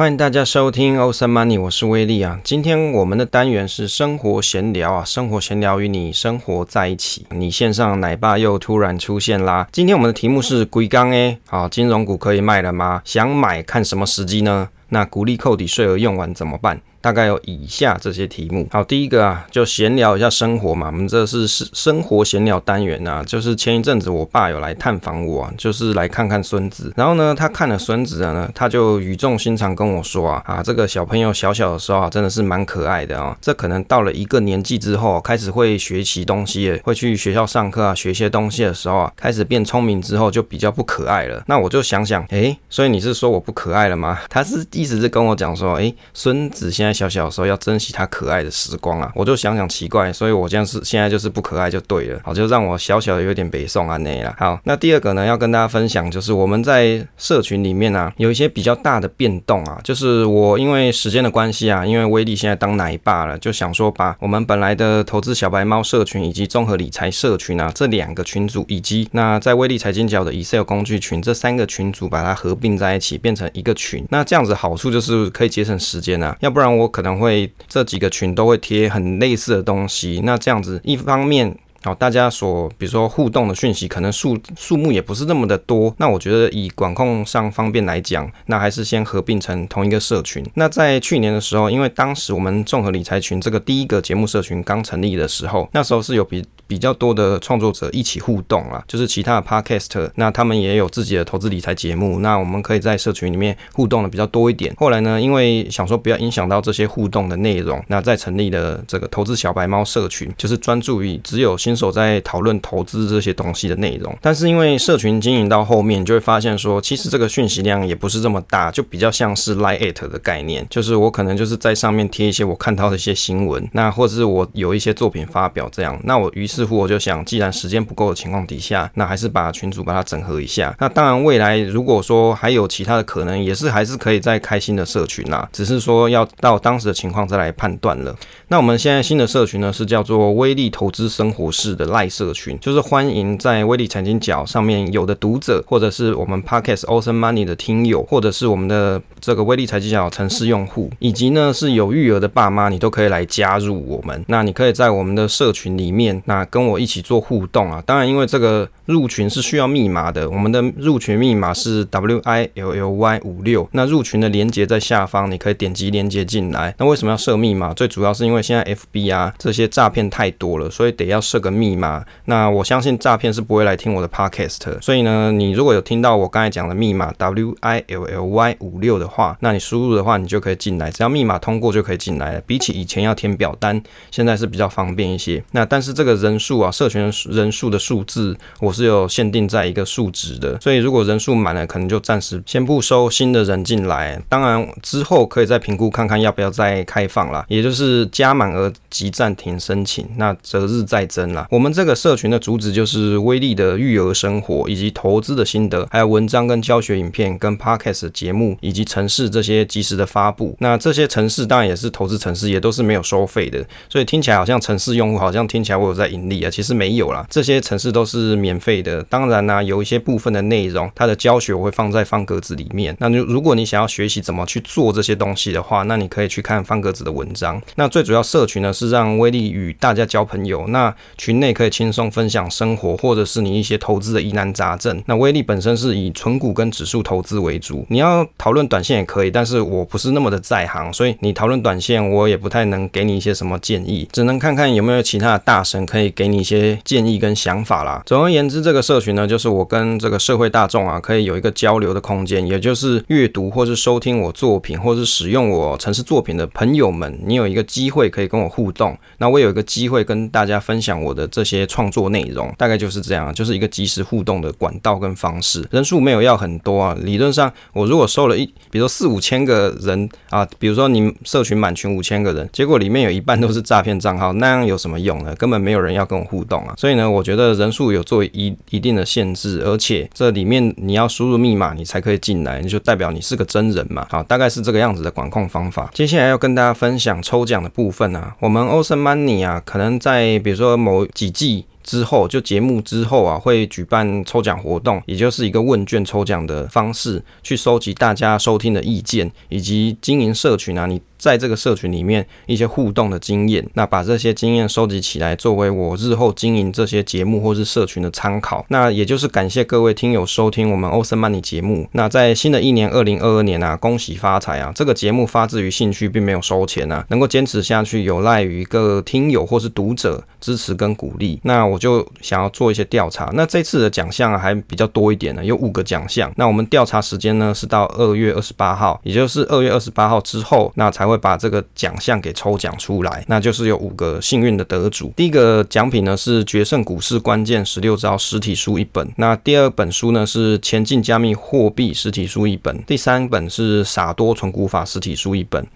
歡迎大家收聽 Awesome Money，我是威利啊。今天我們的單元是生活閒聊啊，生活閒聊與你生活在一起。你線上奶爸又突然出現啦。今天我們的題目是歸剛欸。好、啊，金融股可以賣了嗎？想買看什麼時機呢？那股利扣抵稅額用完怎麼辦？大概有以下這些題目。好，第一個啊，就閒聊一下生活嘛。我們這是生生活閒聊單元啊，就是前一陣子我爸有來探訪我啊，就是來看看孫子。然後呢，他看了孫子了呢，他就語重心長跟我說啊，啊，這個小朋友小小的時候啊，真的是蠻可愛的啊。這可能到了一個年紀之後啊，開始會學習東西，會去學校上課啊，學些東西的時候啊，開始變聰明之後，就比較不可愛了。那我就想想，哎，所以你是說我不可愛了嗎？他是一直是跟我講說，哎，孫子現在。小小的時候要珍惜它可愛的時光啊！我就想想奇怪，所以我這樣是現在就是不可愛就對了，好，就讓我小小的有點北宋啊那了。好，那第二個呢，要跟大家分享，就是我們在社群裡面啊，有一些比較大的變動啊，就是我因為時間的關係啊，因為威利現在當奶爸了，就想說把我們本來的投資小白貓社群以及綜合理財社群啊，這兩個群組，以及那在威利財經角的 Excel 工具群這三個群組，把它合併在一起變成一個群。那這樣子好處就是可以節省時間啊，要不然我。我可能會這幾個群都會貼很類似的東西，那這樣子一方面。好，大家所比如說互動的訊息可能數數目也不是那麼的多，那我覺得以管控上方便來講，那還是先合併成同一個社群。那在去年的時候，因為當時我們綜合理財群這個第一個節目社群剛成立的時候，那時候是有比比較多的創作者一起互動啊，就是其他的 Podcast，那他們也有自己的投資理財節目，那我們可以在社群裡面互動的比較多一點。後來呢，因為想說不要影響到這些互動的內容，那再成立了這個投資小白貓社群，就是專注於只有新新手在討論投資這些東西的內容，但是因為社群經營到後面，就會發現說，其實這個訊息量也不是這麼大，就比較像是 light 的概念，就是我可能就是在上面貼一些我看到的一些新聞，那或者是我有一些作品發表這樣，那我於是乎我就想，既然時間不夠的情況底下，那還是把群組把它整合一下。那當然未來如果說還有其他的可能，也是還是可以再開新的社群啦、啊。只是說要到當時的情況再來判斷了。那我們現在新的社群呢，是叫做威利投資生活事。是的，Line 社群就是歡迎在威利財經角上面有的讀者，或者是我們 Podcast Awesome Money 的聽友，或者是我們的這個威利財經角程式用戶，以及呢是有育兒的爸媽，你都可以來加入我們。那你可以在我們的社群裡面，那跟我一起做互動啊。當然，因為這個入群是需要密碼的，我們的入群密碼是 W I L L Y 五六。那入群的連接在下方，你可以點擊連接進來。那為什麼要設密碼？最主要是因為現在 F B 啊這些詐騙太多了，所以得要設個。密碼，那我相信詐騙是不會來聽我的 podcast，所以呢，你如果有聽到我剛才講的密碼 willy 五六的話，那你輸入的話，你就可以進來。只要密碼通過就可以進來了。比起以前要填表單，現在是比較方便一些。那但是這個人數啊，社群人數的數字我是有限定在一個數值的，所以如果人數滿了，可能就暫時先不收新的人進來。當然之後可以再評估看看要不要再開放啦，也就是加滿額即暫停申請，那擇日再增啦。我們這個社群的主旨就是威利的育兒生活，以及投資的心得，還有文章跟教學影片，跟 podcast 節目，以及程式這些即時的發布。那這些程式當然也是投資程式，也都是沒有收費的。所以聽起來好像程式用戶好像聽起來我有在盈利啊，其實沒有啦，這些程式都是免費的。當然啦、啊，有一些部分的內容，它的教學我會放在方格子裡面。那如果你想要學習怎麼去做這些東西的話，那你可以去看方格子的文章。那最主要社群呢，是讓威利與大家交朋友。那去。群內可以輕鬆分享生活，或者是你一些投資的疑難雜症。那威利本身是以存股跟指數投資為主，你要討論短線也可以，但是我不是那麼的在行，所以你討論短線我也不太能給你一些什麼建議，只能看看有沒有其他的大神可以給你一些建議跟想法啦。總而言之，這個社群呢，就是我跟這個社會大眾啊，可以有一個交流的空間，也就是閱讀或是收聽我作品或是使用我程式作品的朋友們，你有一個機會可以跟我互動，那我有一個機會跟大家分享我的。的這些創作內容大概就是這樣，就是一個即時互動的管道跟方式。人數沒有要很多啊，理論上我如果收了一，比如四五千個人啊，比如說你社群滿群五千個人，結果裡面有一半都是詐騙賬號，那樣有什麼用呢？根本沒有人要跟我互動啊。所以呢，我覺得人數有做一一定的限制，而且這裡面你要輸入密碼，你才可以進來，你就代表你是個真人嘛。好，大概是這個樣子的管控方法。接下來要跟大家分享抽獎的部分啊，我們 Awesome Money 啊，可能在比如說某。幾季？之後就節目之後啊，會舉辦抽獎活動，也就是一個問卷抽獎的方式，去收集大家收聽的意見，以及經營社群啊。你在這個社群裡面一些互動的經驗，那把這些經驗收集起來，作為我日後經營這些節目或是社群的參考。那也就是感謝各位聽友收聽我們 Awesome Money 節目。那在新的一年，二零二二年啊，恭喜發財啊！這個節目發自於興趣，並沒有收錢啊，能夠堅持下去，有賴於一個聽友或是讀者支持跟鼓勵。那。我就想要做一些調查。那這次的獎項還比較多一點呢，有五個獎項。那我們調查時間呢是到二月二十八號，也就是二月二十八號之後，那才會把這個獎項給抽獎出來。那就是有五個幸運的得主。第一個獎品呢是《決勝股市關鍵十六招》實體書一本。那第二本書呢是《前進加密貨幣》實體書一本。第三本是《傻多存股法》實體書一本。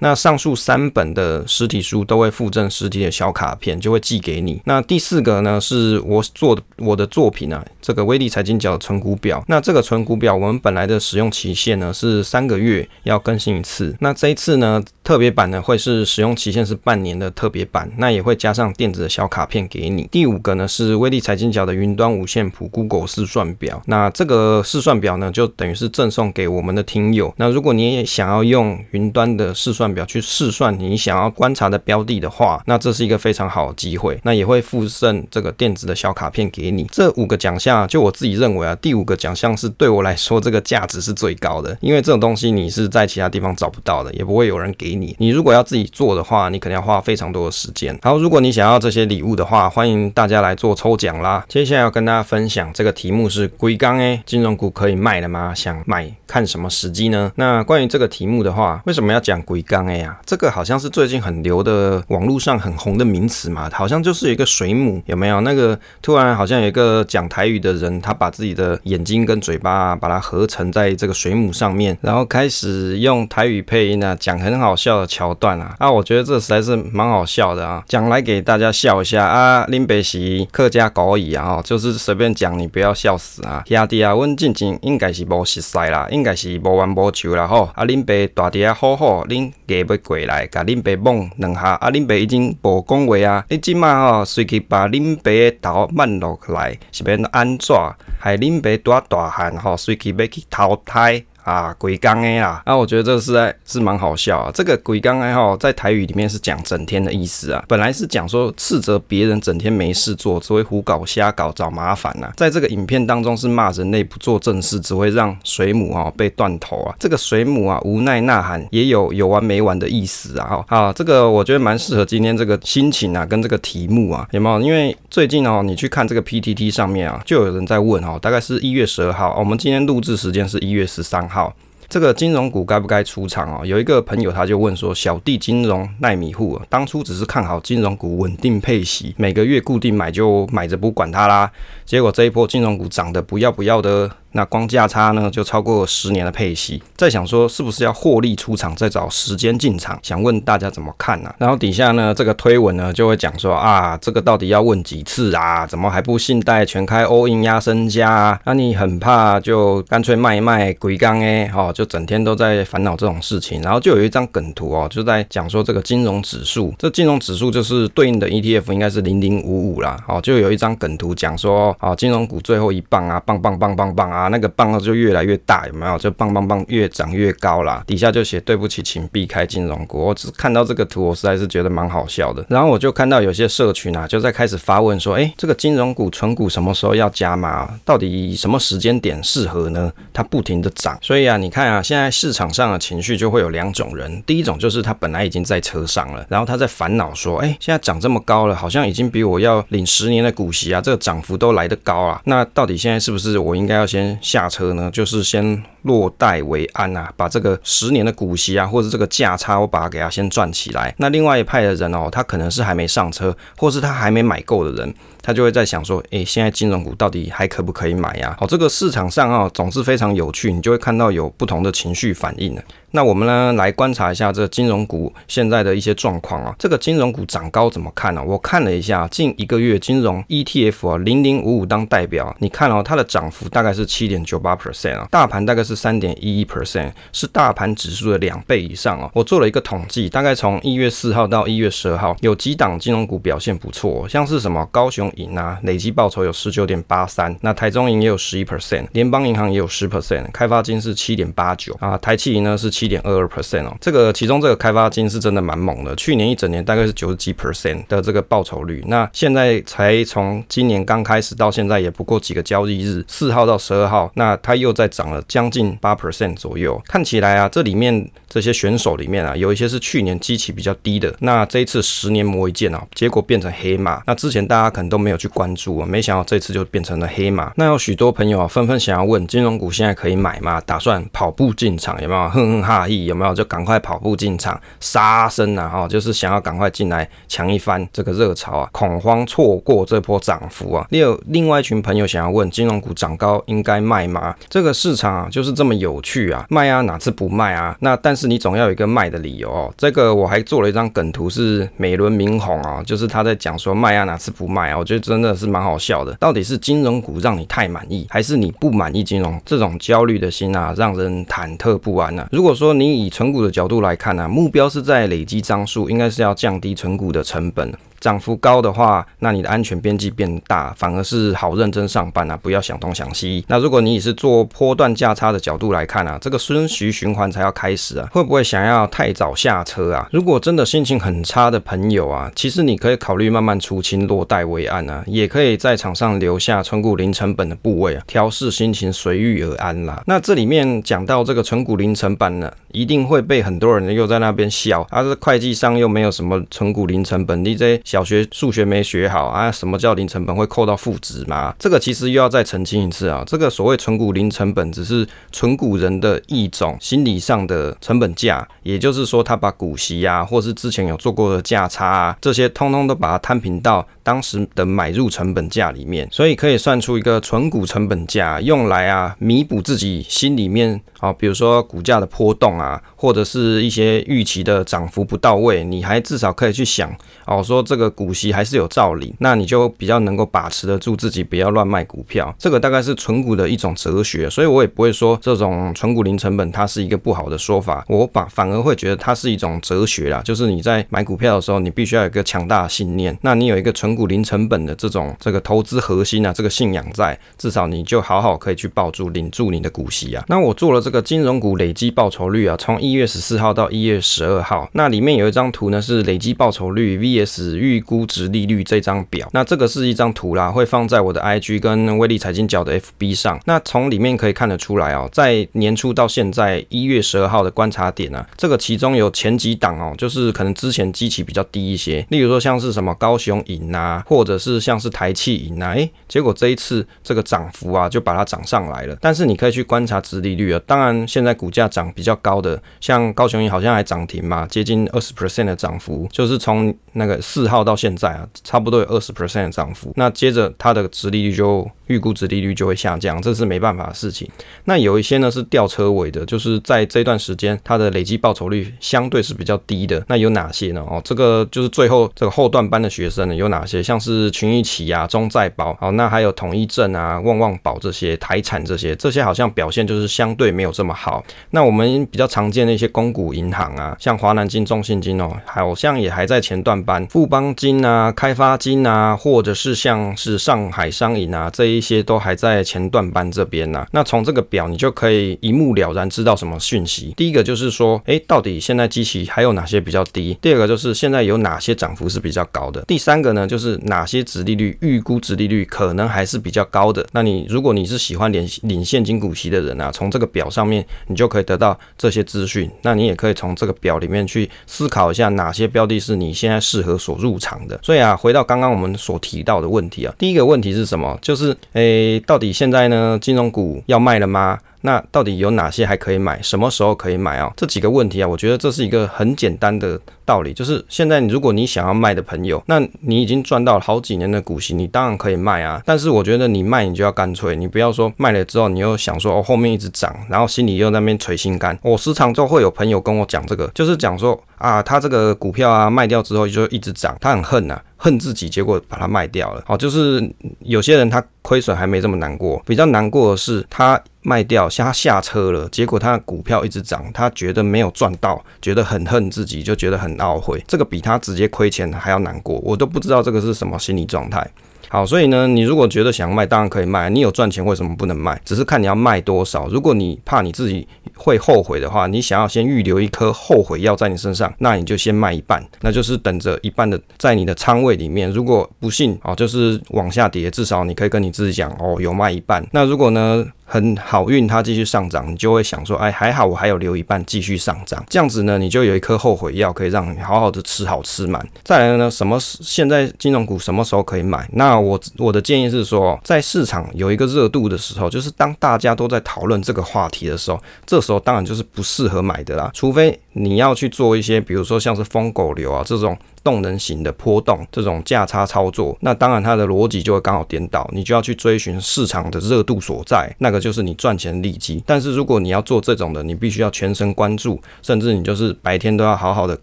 那上述三本的實體書都會附贈實體的小卡片，就會寄給你。那第四個呢，是我做我的作品啊，這個威利財經角存股表。那這個存股表，我們本來的使用期限呢是三個月，要更新一次。那這一次呢？特別版呢，會是使用期限是半年的特別版，那也會加上電子的小卡片給你。第五個呢，是威利財經角的雲端五線譜 Google 試算表，那這個試算表呢，就等於是贈送給我們的聽友。那如果你也想要用雲端的試算表去試算你想要觀察的標的的話，那這是一個非常好的機會。那也會附贈這個電子的小卡片給你。這五個獎項，就我自己認為啊，第五個獎項是對我來說這個價值是最高的，因為這種東西你是在其他地方找不到的，也不會有人給。你你如果要自己做的話，你肯定要花非常多的時間。好，如果你想要這些禮物的話，歡迎大家來做抽獎啦。接下來要跟大家分享這個題目是歸剛欸，金融股可以賣了嗎？想買看什麼時機呢？那關於這個題目的話，為什麼要講歸剛欸啊？這個好像是最近很流的網絡上很紅的名詞嘛，好像就是一個水母有沒有？那個突然好像有一個講台語的人，他把自己的眼睛跟嘴巴把它合成在這個水母上面，然後開始用台語配音，呢，講很好。笑的橋段啊，啊，我覺得這實在是蠻好笑的啊，講來給大家笑一下啊，恁爸是客家狗椅啊，吼、哦，就是隨便講，你不要笑死啊，兄弟啊，阮進前應該是無熟似啦，應該是無冤無仇啦吼，啊，恁爸住佇遐啊，好好，恁硬要過來，甲恁爸摸兩下，啊，恁爸已經無講話啊，恁即馬吼，隨去把恁爸誒頭挽落來，是要安怎，害恁爸拄仔大漢吼，隨、哦、去要去投胎。啊，歸剛欸啊，啊，我覺得這個是在是蠻好笑啊。這個歸剛欸哈，在台語裡面是講整天的意思啊。本來是講說斥責別人整天沒事做，只會胡搞瞎搞找麻煩啊。在這個影片當中是罵人類不做正事，只會讓水母哈、喔、被斷頭啊。這個水母啊無奈吶喊，也有有完沒完的意思啊。好，這個我覺得蠻適合今天這個心情啊，跟這個題目啊，有沒有？因為最近哦、喔，你去看這個 PTT 上面啊，就有人在問哦、喔，大概是一月十二號，我們今天錄制時間是一月十三號。好，這個金融股該不該出場啊、哦？有一個朋友他就問說：“小弟金融奈米戶，當初只是看好金融股穩定配息，每個月固定買就買着不管它啦。結果這一波金融股漲得不要不要的。”那光價差呢，就超過十年的配息。在想說是不是要獲利出場，再找時間進場？想問大家怎麼看呢、啊？然後底下呢，這個推文呢就會講說啊，這個到底要問幾次啊？怎麼還不信貸全開 all in 壓身家啊？那啊你很怕就乾脆賣一賣歸剛欸，好，就整天都在煩惱這種事情。然後就有一張梗圖哦、喔，就在講說這個金融指數，這金融指數就是對應的 ETF 應該是零零五五啦，好，就有一張梗圖講說啊、喔，金融股最後一棒啊，棒棒棒棒棒啊！啊，那個棒就越來越大，有沒有？就棒棒棒越漲越高啦。底下就寫對不起，請避開金融股。我只看到這個圖，我實在是覺得蠻好笑的。然後我就看到有些社群啊，就在開始發問說，哎，這個金融股存股什麼時候要加碼？到底什麼時間點適合呢？它不停的漲，所以啊，你看啊，現在市場上的情緒就會有兩種人，第一種就是他本來已經在車上了，然後他在煩惱說，哎，現在漲這麼高了，好像已經比我要領十年的股息啊，這個漲幅都來得高啊。那到底現在是不是我應該要先？下車呢，就是先。落袋為安啊，把這個十年的股息啊，或者是這個價差，我把它給它先賺起來。那另外一派的人哦，他可能是還沒上車，或是他還沒買夠的人，他就會在想說，誒，現在金融股到底還可不可以買呀、啊？哦，這個市場上啊、哦，總是非常有趣，你就會看到有不同的情緒反應。那我們呢，來觀察一下這個金融股現在的一些狀況啊。這個金融股漲高怎麼看呢、啊？我看了一下，近一個月金融 ETF 啊，零零五五當代表，你看哦，它的漲幅大概是七點九八 percent 啊，大盤大概是。是三點一一 percent，是大盤指數的兩倍以上哦。我做了一個統計，大概從一月四號到一月十二號，有幾檔金融股表現不錯哦，像是什麼高雄銀啊，累計報酬有十九點八三，那台中銀也有十一 percent，聯邦銀行也有十 percent，開發金是七點八九啊，台企銀呢是七點二二 percent 哦。這個其中這個開發金是真的蠻猛的，去年一整年大概是九十幾 percent 的這個報酬率，那現在才從今年剛開始到現在也不過幾個交易日，四號到十二號，那它又在漲了將近八 percent 左右，看起來啊，這裡面這些選手裡面啊，有一些是去年基期比較低的，那這一次十年磨一劍啊，結果變成黑馬。那之前大家可能都沒有去關注啊，沒想到這次就變成了黑馬。那有許多朋友啊，紛紛想要問，金融股現在可以買嗎？打算跑步進場有沒有？哼哼哈嘿有沒有？就趕快跑步進場殺身啊！哈、哦，就是想要趕快進來搶一番這個熱潮啊，恐慌錯過這波漲幅啊。另另外一群朋友想要問，金融股漲高應該賣嗎？這個市場啊，就是。這麼有趣啊，賣啊，哪次不賣啊？那但是你總要有一個賣的理由哦。這個我還做了一張梗圖，是美輪明宏啊，就是他在講說，賣啊，哪次不賣啊？我覺得真的是蠻好笑的。到底是金融股讓你太滿意，還是你不滿意金融？這種焦慮的心啊，讓人忐忑不安啊。如果說你以存股的角度來看呢、啊，目標是在累積張數，應該是要降低存股的成本。漲幅高的話，那你的安全邊際變大，反而是好，認真上班啊，不要想東想西。那如果你也是做波段價差的角度來看啊，這個順徐循環才要開始啊，會不會想要太早下車啊？如果真的心情很差的朋友啊，其實你可以考慮慢慢出清，落袋為安啊，也可以在場上留下存股零成本的部位啊，調適心情，隨遇而安啦。那這裡面講到這個存股零成本呢一定會被很多人又在那邊笑，他、啊、是會計上又沒有什麼存股零成本，你這小學數學沒學好啊？什麼叫零成本會扣到負值嗎？這個其實又要再澄清一次啊，這個所謂存股零成本只是存股人的一種心理上的成本價，也就是說他把股息啊，或是之前有做過的價差啊，這些通通都把它攤平到當時的買入成本價裡面，所以可以算出一個存股成本價，用來啊彌補自己心裡面。好，比如說股價的波動啊，或者是一些預期的漲幅不到位，你還至少可以去想，哦，說這個股息還是有照領，那你就比較能夠把持得住自己，不要亂賣股票。這個大概是存股的一種哲學，所以我也不會說這種存股零成本它是一個不好的說法，我把反而會覺得它是一種哲學啦，就是你在買股票的時候，你必須要有一個強大的信念，那你有一個存股零成本的這種這個投資核心啊，這個信仰在，至少你就好好可以去抱住領住你的股息啊。那我做了這個。這個金融股累計報酬率啊，從一月十四號到一月十二號，那裡面有一張圖呢，是累計報酬率 VS 預估殖利率這張表。那這個是一張圖啦，會放在我的 IG 跟威利財經角的 FB 上。那從裡面可以看得出來哦，在年初到現在一月十二號的觀察點啊，這個其中有前幾檔哦，就是可能之前基期比較低一些，例如說像是什麼高雄銀啊，或者是像是台企銀啊，誒，結果這一次這個漲幅啊，就把它漲上來了。但是你可以去觀察殖利率啊，當當然現在股價漲比較高的，像高雄銀好像還漲停嘛，接近二十 percent 的漲幅，就是從那個四號到現在啊，差不多有二十 percent 的漲幅。那接着它的殖利率就預估殖利率就會下降，這是沒辦法的事情。那有一些呢是吊車尾的，就是在這段時間它的累計報酬率相對是比較低的。那有哪些呢？哦，這個就是最後這個後段班的學生呢，有哪些？像是群益期呀、中再保，哦，那還有統一證啊、旺旺保這些、台產這些，這些好像表現就是相對沒有。這麼好，那我們比較常見的一些公股銀行啊，像華南金、中信金哦，好像也還在前段班。富邦金啊、開發金啊，或者是像是上海商銀啊，這一些都還在前段班這邊啊。那從這個表，你就可以一目了然知道什麼訊息。第一個就是說，哎，到底現在基期還有哪些比較低？第二個就是現在有哪些漲幅是比較高的？第三個呢，就是哪些殖利率預估殖利率可能還是比較高的？那你如果你是喜歡領領現金股息的人啊，從這個表上。上面你就可以得到這些資訊，那你也可以從這個表裡面去思考一下哪些標的是你現在適合所入場的。所以啊，回到剛剛我們所提到的問題啊，第一個問題是什麼？就是誒、欸，到底現在呢，金融股要賣了嗎？那到底有哪些還可以買？什麼時候可以買啊？這幾個問題啊，我覺得這是一個很簡單的道理，就是現在如果你想要賣的朋友，那你已經賺到了好幾年的股息，你當然可以賣啊。但是我覺得你賣，你就要乾脆，你不要說賣了之後，你又想說哦，後面一直漲，然後心裡又在那邊捶心肝。我、哦、時常就會有朋友跟我講這個，就是講說啊，他這個股票啊賣掉之後就一直漲，他很恨啊，恨自己，結果把它賣掉了。好、哦，就是有些人他虧損還沒這麼難過，比較難過的是他。賣掉，他下車了，結果他的股票一直漲，他覺得沒有賺到，覺得很恨自己，就覺得很懊悔。這個比他直接虧錢還要難過，我都不知道這個是什麼心理狀態。好，所以呢，你如果覺得想賣，當然可以賣。你有賺錢，為什麼不能賣？只是看你要賣多少。如果你怕你自己會後悔的話，你想要先預留一顆後悔藥在你身上，那你就先賣一半。那就是等着一半的在你的倉位裡面，如果不幸哦，就是往下跌，至少你可以跟你自己講哦，有賣一半。那如果呢？很好運，它繼續上漲，你就會想說，哎，還好我還有留一半繼續上漲，這樣子呢，你就有一顆後悔藥，可以讓你好好的吃好吃滿。再來呢，什麼現在金融股什麼時候可以買？那我我的建議是說，在市場有一個熱度的時候，就是當大家都在討論這個話題的時候，這時候當然就是不適合買的啦，除非你要去做一些，比如說像是瘋狗流啊這種。動能型的波動，這種價差操作，那當然它的邏輯就會剛好顛倒，你就要去追尋市場的熱度所在，那個就是你賺錢的利基。但是如果你要做這種的，你必須要全神貫注，甚至你就是白天都要好好的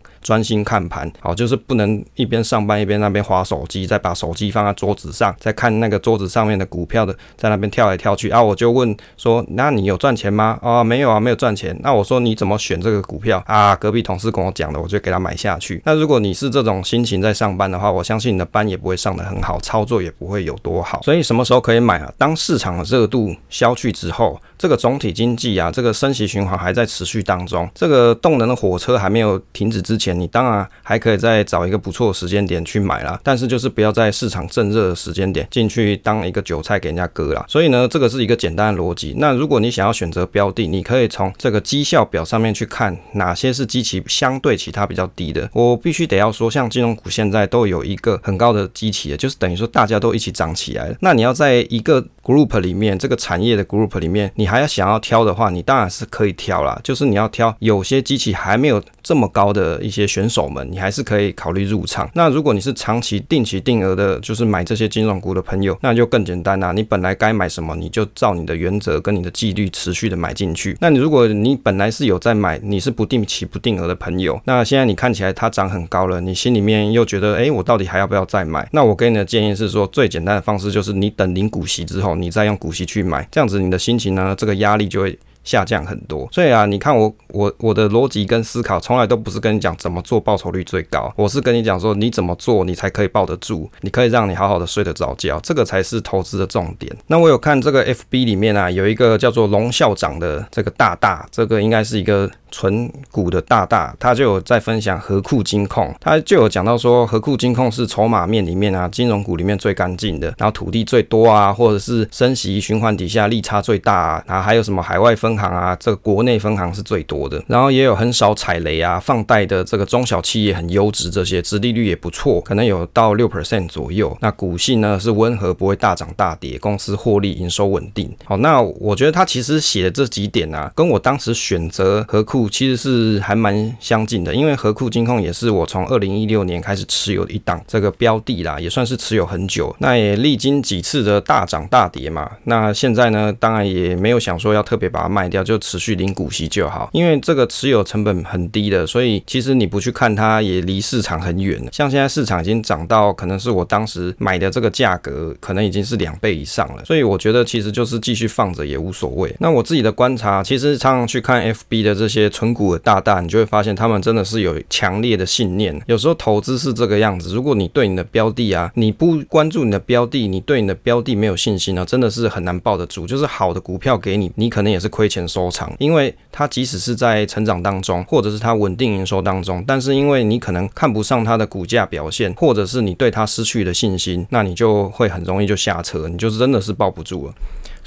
專心看盤，好，就是不能一邊上班一邊那邊滑手機，再把手機放在桌子上，再看那個桌子上面的股票的，在那邊跳來跳去啊。我就問說，那你有賺錢嗎？啊、哦，沒有啊，沒有賺錢。那我說你怎麼選這個股票啊？隔壁同事跟我講的，我就給他買下去。那如果你是這個，這種心情在上班的話，我相信你的班也不會上得很好，操作也不會有多好。所以什麼時候可以買啊？當市場的熱度消去之後，這個總體經濟啊，這個升息循環還在持續當中，這個動能的火車還沒有停止之前，你當然還可以再找一個不錯的時間點去買啦。但是就是不要在市場正熱的時間點進去當一個韭菜給人家割了。所以呢，這個是一個簡單的邏輯。那如果你想要選擇標的，你可以從這個績效表上面去看哪些是基期相對其他比較低的。我必須得要說。像金融股現在都有一個很高的基期，就是等於說大家都一起漲起來，那你要在一個 group 裡面，這個產業的 group 裡面，你還要想要挑的話，你當然是可以挑了。就是你要挑有些基期還沒有。這麼高的一些選手們，你還是可以考慮入場。那如果你是長期定期定額的，就是買這些金融股的朋友，那就更簡單啦、啊。你本來該買什麼，你就照你的原則跟你的紀律持續的買進去。那你如果你本來是有在買，你是不定期不定額的朋友，那現在你看起來它漲很高了，你心裡面又覺得，誒，我到底還要不要再買？那我給你的建議是說，最簡單的方式就是你等領股息之後，你再用股息去買，這樣子你的心情呢，這個壓力就會。下降很多，所以啊，你看我我我的邏輯跟思考從來都不是跟你講怎麼做報酬率最高，我是跟你講說你怎麼做你才可以抱得住，你可以讓你好好的睡得着覺，這個才是投資的重點。那我有看這個 F B 裡面啊，有一個叫做龍校長的這個大大，這個應該是一個。存股的大大，他就有在分享合庫金控。他就有講到說，合庫金控是籌碼面裡面啊，金融股裡面最乾淨的，然後土地最多啊，或者是升息循環底下利差最大啊，然後還有什麼海外分行啊，這個國內分行是最多的，然後也有很少踩雷啊，放貸的這個中小企業很優質，這些殖利率也不錯，可能有到六 percent 左右。那股性呢是溫和，不會大漲大跌，公司獲利營收穩定。好，那我覺得他其實寫的這幾點啊，跟我當時選擇合庫。其實是還蠻相近的，因為合庫金控也是我從二零一六年開始持有一檔這個標的啦，也算是持有很久。那也歷經幾次的大漲大跌嘛。那現在呢，當然也沒有想說要特別把它賣掉，就持續領股息就好。因為這個持有成本很低的，所以其實你不去看它，也離市場很遠。像現在市場已經漲到，可能是我當時買的這個價格，可能已經是兩倍以上了。所以我覺得其實就是繼續放着也無所謂。那我自己的觀察，其實常常去看 FB 的這些。存股的大大，你就會發現他們真的是有強烈的信念。有時候投資是這個樣子，如果你對你的標的啊，你不關注你的標的，你對你的標的沒有信心呢、啊，真的是很難抱得住。就是好的股票給你，你可能也是虧錢收場，因為它即使是在成長當中，或者是它穩定營收當中，但是因為你可能看不上它的股價表現，或者是你對它失去了信心，那你就會很容易就下車，你就真的是抱不住了。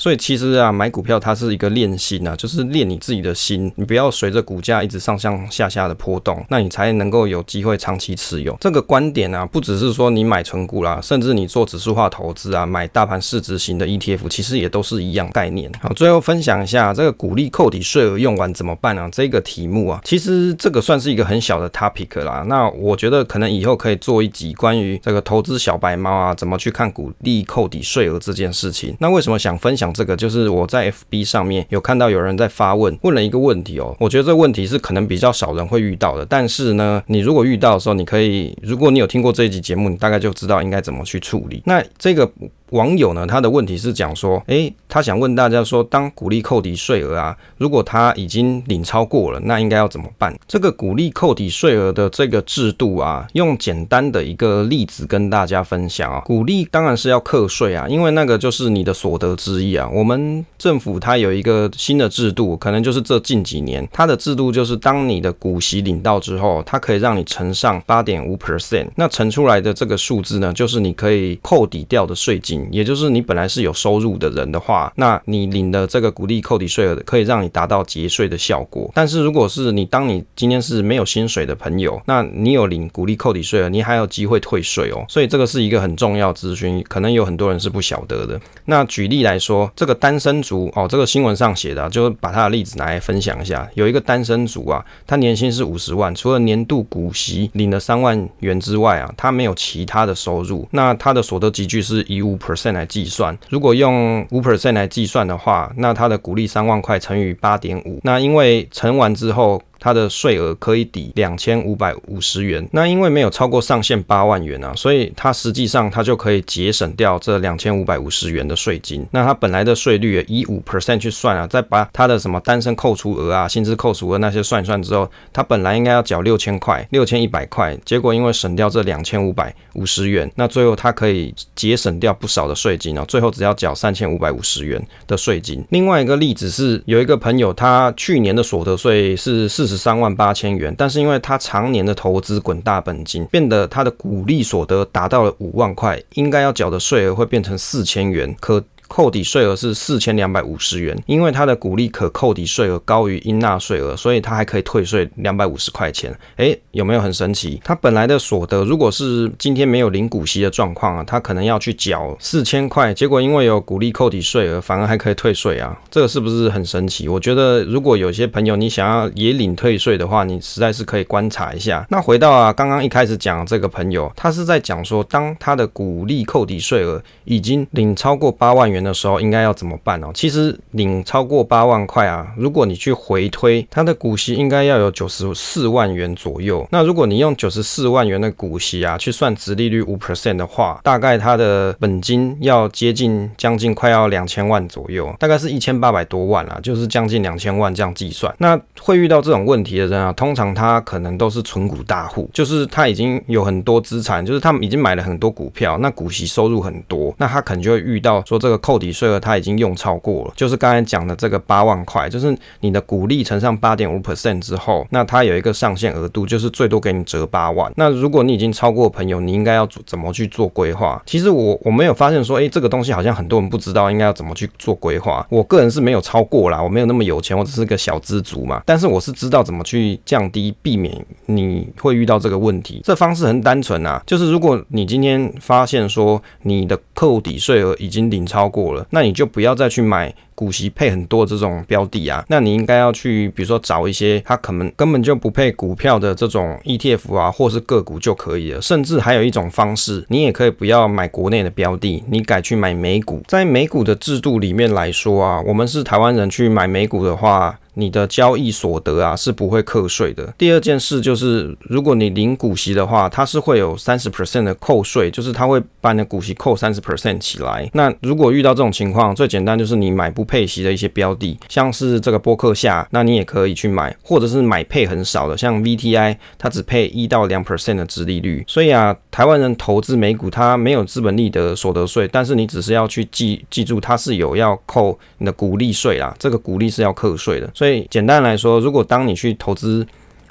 所以其實啊，買股票它是一個練心啊，就是練你自己的心，你不要隨着股價一直上上下下的波動，那你才能夠有機會長期持有。這個觀點啊，不只是說你買存股啦，甚至你做指數化投資啊，買大盤市值型的 ETF，其實也都是一樣概念。好，最後分享一下這個股利扣抵稅額用完怎麼辦啊？這個題目啊，其實這個算是一個很小的 topic 啦。那我覺得可能以後可以做一集關於這個投資小白貓啊，怎麼去看股利扣抵稅額這件事情。那為什麼想分享？這個就是我在 FB 上面有看到有人在發問，問了一個問題哦。我覺得這問題是可能比較少人會遇到的，但是呢，你如果遇到的時候，你可以，如果你有聽過這一集節目，你大概就知道應該怎麼去處理。那這個。網友呢，他的問題是講說，誒、欸，他想問大家說，當股利扣抵稅額啊，如果他已經領超過了，那應該要怎麼辦？這個股利扣抵稅額的這個制度啊，用簡單的一個例子跟大家分享啊、哦，股利當然是要課稅啊，因為那個就是你的所得之一啊。我們政府它有一個新的制度，可能就是這近幾年，它的制度就是當你的股息領到之後，它可以讓你乘上八點五 percent，那乘出來的這個數字呢，就是你可以扣抵掉的稅金。也就是你本來是有收入的人的話，那你領的這個股利扣抵稅額可以讓你達到節稅的效果。但是如果是你，當你今天是沒有薪水的朋友，那你有領股利扣抵稅額，你還有機會退稅哦。所以這個是一個很重要資訊，可能有很多人是不曉得的。那舉例來說，這個單身族哦，這個新聞上寫的、啊，就把他的例子拿來分享一下。有一個單身族啊，他年薪是五十萬，除了年度股息領了三萬元之外啊，他沒有其他的收入。那他的所得級距是一五。percent 來計算，如果用五 percent 來計算的話，那它的股利三萬塊乘以八點五，那因為乘完之後。他的稅額可以抵兩千五百五十元，那因為沒有超過上限八萬元啊，所以他實際上他就可以節省掉這兩千五百五十元的稅金。那他本來的稅率也以五 percent 去算啊，再把他的什麼單身扣除額啊、薪資扣除額那些算一算之後，他本來應該要繳六千塊、六千一百塊，結果因為省掉這兩千五百五十元，那最後他可以節省掉不少的稅金啊、喔，最後只要繳三千五百五十元的稅金。另外一個例子是有一個朋友，他去年的所得稅是四。十三萬八千元，但是因為他常年的投資滾大本金，變得他的股利所得達到了五萬塊，應該要繳的稅額會變成四千元。可扣抵稅額是四千兩百五十元，因為他的股利可扣抵稅額高於應納稅額，所以他還可以退稅兩百五十塊錢。誒、欸，有沒有很神奇？他本來的所得如果是今天沒有領股息的狀況啊，他可能要去繳四千塊，結果因為有股利扣抵稅額，反而還可以退稅啊，這個是不是很神奇？我覺得如果有些朋友你想要也領退稅的話，你實在是可以觀察一下。那回到啊，剛剛一開始講的這個朋友，他是在講說，當他的股利扣抵稅額已經領超過八萬元。的時候應該要怎麼辦哦？其實領超過八萬塊啊，如果你去回推，它的股息應該要有九十四萬元左右。那如果你用九十四萬元的股息啊，去算殖利率五 percent 的話，大概它的本金要接近將近快要兩千萬左右，大概是一千八百多萬啦，啊，就是將近兩千萬這樣計算。那會遇到這種問題的人啊，通常他可能都是存股大戶，就是他已經有很多資產，就是他們已經買了很多股票，那股息收入很多，那他可能就會遇到說這個。扣抵稅額，它已經用超過了，就是剛才講的這個八萬塊，就是你的股利乘上八點五 percent 之後，那它有一個上限額度，就是最多給你折八萬。那如果你已經超過朋友，你應該要怎麼去做規劃？其實我我沒有發現說，哎、欸，這個東西好像很多人不知道應該要怎麼去做規劃。我個人是沒有超過啦，我沒有那麼有錢，我只是個小資族嘛。但是我是知道怎麼去降低避免你會遇到這個問題。這方式很單純啊，就是如果你今天發現說你的扣抵稅額已經領超過。過了，那你就不要再去買股息配很多這種標的啊。那你應該要去，比如說找一些他可能根本就不配股票的這種 ETF 啊，或是個股就可以了。甚至還有一種方式，你也可以不要買國內的標的，你改去買美股。在美股的制度裡面來說啊，我們是台灣人去買美股的話。你的交易所得啊是不會課稅的。第二件事就是，如果你領股息的話，它是會有三十 percent 的扣稅，就是它會把你的股息扣三十 percent 起來。那如果遇到這種情況，最簡單就是你買不配息的一些標的，像是這個波克夏，那你也可以去買，或者是買配很少的像，像 VTI，它只配一到兩 percent 的殖利率。所以啊，台灣人投資美股，它沒有資本利得所得稅，但是你只是要去記記住，它是有要扣你的股利稅啦，這個股利是要課稅的，所以。簡單來說，如果當你去投資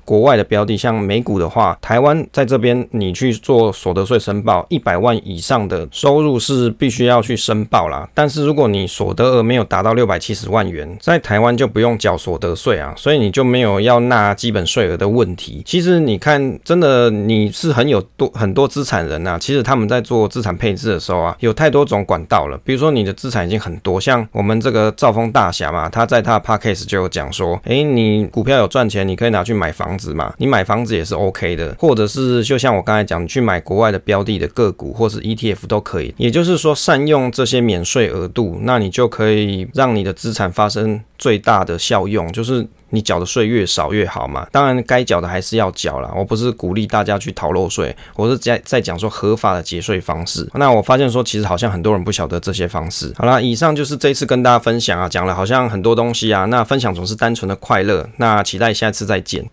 國外的標的，像美股的話，臺灣在這邊，你去做所得稅申報，一百萬以上的收入是必須要去申報啦。但是如果你所得額沒有達到六百七十萬元，在臺灣就不用繳所得稅啊，所以你就沒有要納基本稅額的問題。其實你看，真的你是很有多很多資產人吶、啊，其實他們在做資產配置的時候啊，有太多種管道了。比如說你的資產已經很多，像我們這個兆豐大俠嘛，他在他的 Podcast 就有講說，誒，你股票有賺錢，你可以拿去買房子嘛，你買房子也是 OK 的，或者是就像我剛才講，你去買國外的標的的個股或是 ETF 都可以。也就是說，善用這些免稅額度，那你就可以讓你的資產發生最大的效用，就是你繳的稅越少越好嘛。當然，該繳的還是要繳啦。我不是鼓勵大家去逃漏稅，我是在在講說合法的節稅方式。那我發現說，其實好像很多人不曉得這些方式。好啦，以上就是這一次跟大家分享啊，講了好像很多東西啊。那分享總是單純的快樂。那期待下一次再見。